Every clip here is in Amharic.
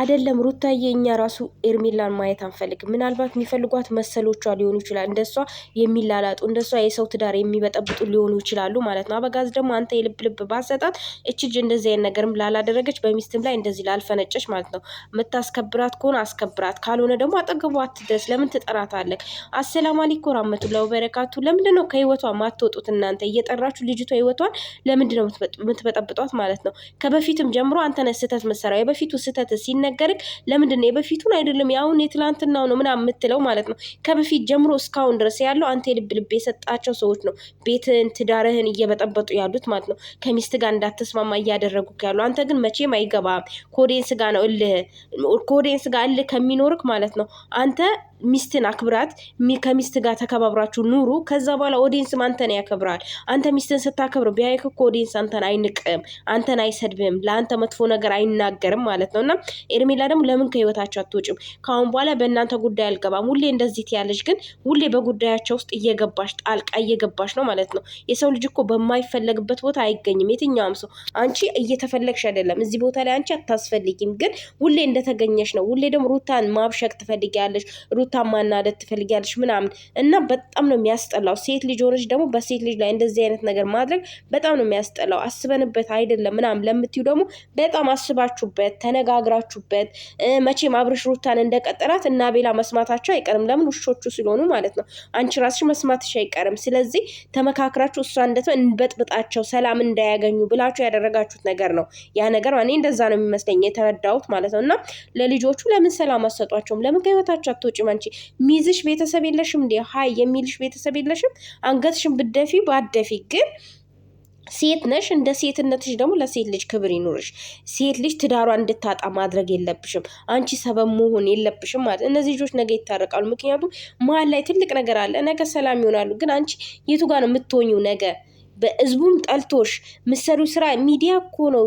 አይደለም ሩታዬ፣ እኛ ራሱ ኤርሚላን ማየት አንፈልግ። ምናልባት የሚፈልጓት መሰሎቿ ሊሆኑ ይችላል። እንደሷ የሚላላጡ እንደሷ የሰው ትዳር የሚበጠብጡ ሊሆኑ ይችላሉ ማለት ነው። አበጋዝ ደግሞ አንተ የልብ ልብ ባሰጣት እችጅ እንደዚህ አይነት ነገርም ላላደረገች በሚስትም ላይ እንደዚህ ላልፈነጨች ማለት ነው። የምታስከብራት ከሆነ አስከብራት፣ ካልሆነ ደግሞ አጠገቡ አትድረስ። ለምን ትጠራታለህ? አሰላም አለይኩም ወራህመቱላሂ ወበረካቱ። ለምንድን ነው ከህይወቷ ማትወጡት እናንተ? እየጠራችሁ ልጅቷ ህይወቷን ለምንድን ነው የምትበጠብጧት ማለት ነው? ከበፊትም ጀምሮ አንተነ ስህተት መሰራ የበፊቱ ስህተት ሲ ሲነገርክ ለምንድን ነው የበፊቱን አይደለም የአሁን የትላንትናው ነው ምናምን የምትለው ማለት ነው። ከበፊት ጀምሮ እስካሁን ድረስ ያለው አንተ የልብ ልብ የሰጣቸው ሰዎች ነው ቤትህን ትዳርህን እየበጠበጡ ያሉት ማለት ነው። ከሚስት ጋር እንዳትስማማ እያደረጉ ያሉ አንተ ግን መቼም አይገባም። ኮዴን ጋር ነው እልህ ኮዴን ጋር እልህ ከሚኖርክ ማለት ነው አንተ ሚስትን አክብራት። ከሚስት ጋር ተከባብራችሁ ኑሩ። ከዛ በኋላ ኦዲንስም አንተን ያከብራል። አንተ ሚስትን ስታከብር ቢያይክ እኮ ኦዲንስ አንተን አይንቅም፣ አንተን አይሰድብም፣ ለአንተ መጥፎ ነገር አይናገርም ማለት ነው። እና ኤርሜላ ደግሞ ለምን ከህይወታቸው አትወጭም? ከአሁን በኋላ በእናንተ ጉዳይ አልገባም። ሁሌ እንደዚህ ትያለች፣ ግን ሁሌ በጉዳያቸው ውስጥ እየገባሽ ጣልቃ እየገባሽ ነው ማለት ነው። የሰው ልጅ እኮ በማይፈለግበት ቦታ አይገኝም። የትኛውም ሰው አንቺ እየተፈለግሽ አይደለም። እዚህ ቦታ ላይ አንቺ አታስፈልጊም፣ ግን ሁሌ እንደተገኘሽ ነው። ሁሌ ደግሞ ሩታን ማብሸቅ ትፈልጊያለሽ ሩ ሩታ ማናደድ ትፈልጊያለሽ ምናምን እና በጣም ነው የሚያስጠላው። ሴት ልጅ ሆነች ደግሞ በሴት ልጅ ላይ እንደዚህ አይነት ነገር ማድረግ በጣም ነው የሚያስጠላው። አስበንበት አይደለም ምናምን ለምትዩ ደግሞ በጣም አስባችሁበት ተነጋግራችሁበት። መቼም አብርሽ ሩታን እንደቀጠራት እና ቤላ መስማታቸው አይቀርም። ለምን ውሾቹ ስለሆኑ ማለት ነው። አንቺ ራስሽ መስማትሽ አይቀርም። ስለዚህ ተመካክራችሁ እሷ እንደት እንበጥብጣቸው ሰላም እንዳያገኙ ብላችሁ ያደረጋችሁት ነገር ነው። ያ ነገር እኔ እንደዛ ነው የሚመስለኝ የተረዳሁት ማለት ነው። እና ለልጆቹ ለምን ሰላም አሰጧቸውም? ለምን ከህይወታቸው አትወጪም? አንቺ ሚዝሽ ቤተሰብ የለሽም እንዴ? ሀይ የሚልሽ ቤተሰብ የለሽም? አንገትሽን ብደፊ ባደፊ ግን ሴት ነሽ። እንደ ሴትነትሽ ደግሞ ለሴት ልጅ ክብር ይኑርሽ። ሴት ልጅ ትዳሯ እንድታጣ ማድረግ የለብሽም። አንቺ ሰበብ መሆን የለብሽም ማለት እነዚህ ልጆች ነገ ይታረቃሉ። ምክንያቱም መሀል ላይ ትልቅ ነገር አለ። ነገ ሰላም ይሆናሉ። ግን አንቺ የቱ ጋር ነው የምትሆኙ? ነገ በህዝቡም ጠልቶሽ ምሰሩ ስራ ሚዲያ እኮ ነው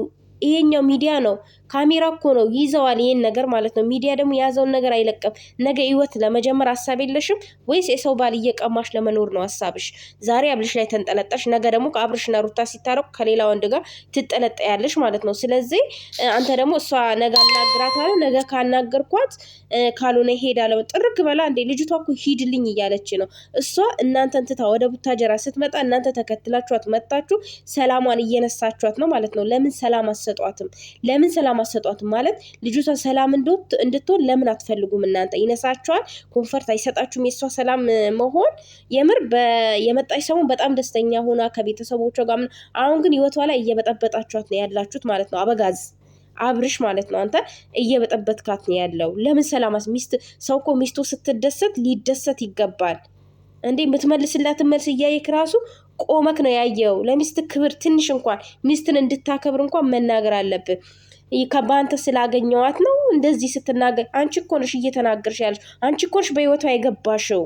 ይሄኛው ሚዲያ ነው ካሜራ እኮ ነው ይዘዋል፣ ይህን ነገር ማለት ነው። ሚዲያ ደግሞ የያዘውን ነገር አይለቀም። ነገ ህይወት ለመጀመር ሀሳብ የለሽም ወይስ የሰው ባል እየቀማሽ ለመኖር ነው ሀሳብሽ? ዛሬ አብልሽ ላይ ተንጠለጠሽ፣ ነገ ደግሞ ከአብርሽና ሩታ ሲታረቁ ከሌላ ወንድ ጋር ትጠለጠያለሽ ማለት ነው። ስለዚህ አንተ ደግሞ እሷ ነገ አናግራታለሁ፣ ነገ ካናገርኳት ካልሆነ እሄዳለሁ፣ ጥርግ በላ እንዴ ልጅቷ እኮ ሂድልኝ እያለች ነው። እሷ እናንተን ትታ ወደ ቡታጀራ ስትመጣ እናንተ ተከትላችኋት መጣችሁ፣ ሰላሟን እየነሳችኋት ነው ማለት ነው። ለምን ሰላም አሰጧትም ለምን ሰላም ሰላም አሰጧትም። ማለት ልጅቷ ሰላም እንድትሆን ለምን አትፈልጉም እናንተ? ይነሳችኋል፣ ኮንፈርት አይሰጣችሁም። የእሷ ሰላም መሆን የምር የመጣች ሰሞን በጣም ደስተኛ ሆና ከቤተሰቦቿ ጋር ምን፣ አሁን ግን ህይወቷ ላይ እየበጠበጣችኋት ነው ያላችሁት ማለት ነው አበጋዝ አብርሽ ማለት ነው። አንተ እየበጠበጥካት ነው ያለው። ለምን ሰላማስ ሚስት ሰው እኮ ሚስቱ ስትደሰት ሊደሰት ይገባል እንዴ! የምትመልስላትን መልስ እያየክ ራሱ ቆመክ ነው ያየው። ለሚስት ክብር ትንሽ እንኳን ሚስትን እንድታከብር እንኳን መናገር አለብህ። ከባንተ ስላገኘዋት ነው እንደዚህ ስትናገር። አንቺ እኮ ነሽ እየተናገርሽ ያለሽ። አንቺ እኮ ነሽ በህይወቷ የገባሽው።